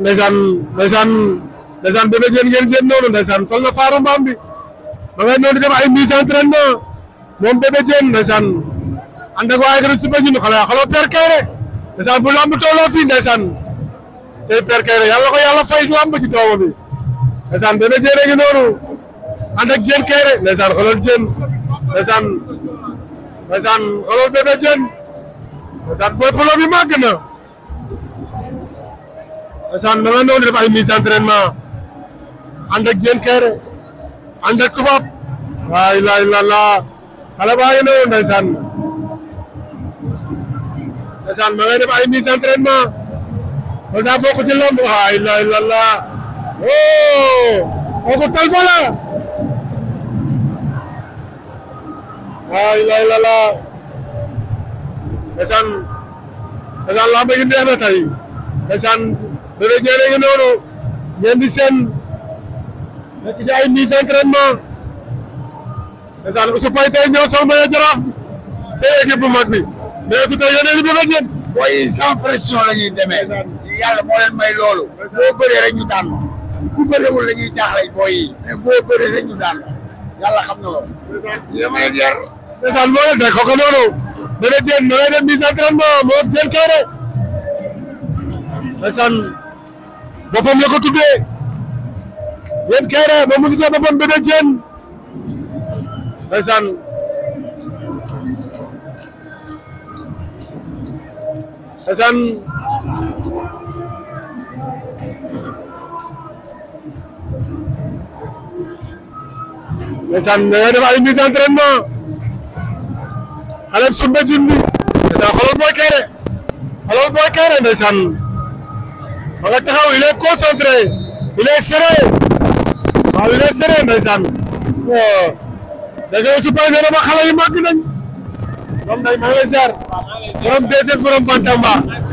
ndeysaan ndeysaan ndeysaan bébé jën ngeen seen noonu ndeysaan sol na faaru mbaam ma ngay noonu di def ay mise en entraînement moom bébé jën ndeysaan ànd ak waaye gën a subasine xale ya xaloo per kayre ndeysaan bu lamb tolloo fii ndeysaan tey per kayre yàlla ko yàlla fay si lamb ci dooma bi ndeysaan bébé jën a ngi noonu ànd ak jën kayre ndeysaan xolol jën ndeysaan ndeysaan xolol bébé booy polo bi màgg na saan na nga doon def ay mise entraînement ànd ak jën kere ànd ak tubaab la laa xale baa ngi noonu ma ngay def ay mise entraînement loolu daa bokk ci lamb waay laay la laa oh, oh kooku talfa la waay laay la laa ndeysaan ndeysaan lamb gi neex Bébé Diène ngi noonu ngeen di seen nekk ci ay mise entraînement ndeysaan Ousou Paye tey ñëw sol maillot Jaraaf bi tey équipe bu mag bi mais Ousou tey yéen a ngi Bébé Diène waaye sans pression la ñuy demee yàlla moo leen may loolu boo bëree rek ñu daan bu bëreewul la ñuy jaaxle booy yi mais boo bëree rek ñu daan yàlla xam na loolu yéen a ngi yar ndeysaan moo leen tey kooku noonu Bébé Diène ma ngay dem mise entraînement moo Diène Kaïré ndeysaan boppam la ko tuddee yéen moom mu ngi tuddee boppam Bébé Diène ndeysaan ndeysaan ndeysaan da ngay def ay mise entraînement xale bu sumbe booy Kayre xoolal ma nga taxaw il est concentré il est serein waaw il est serein ndeysaan waaw da ngay supay nee na ma xale yi ma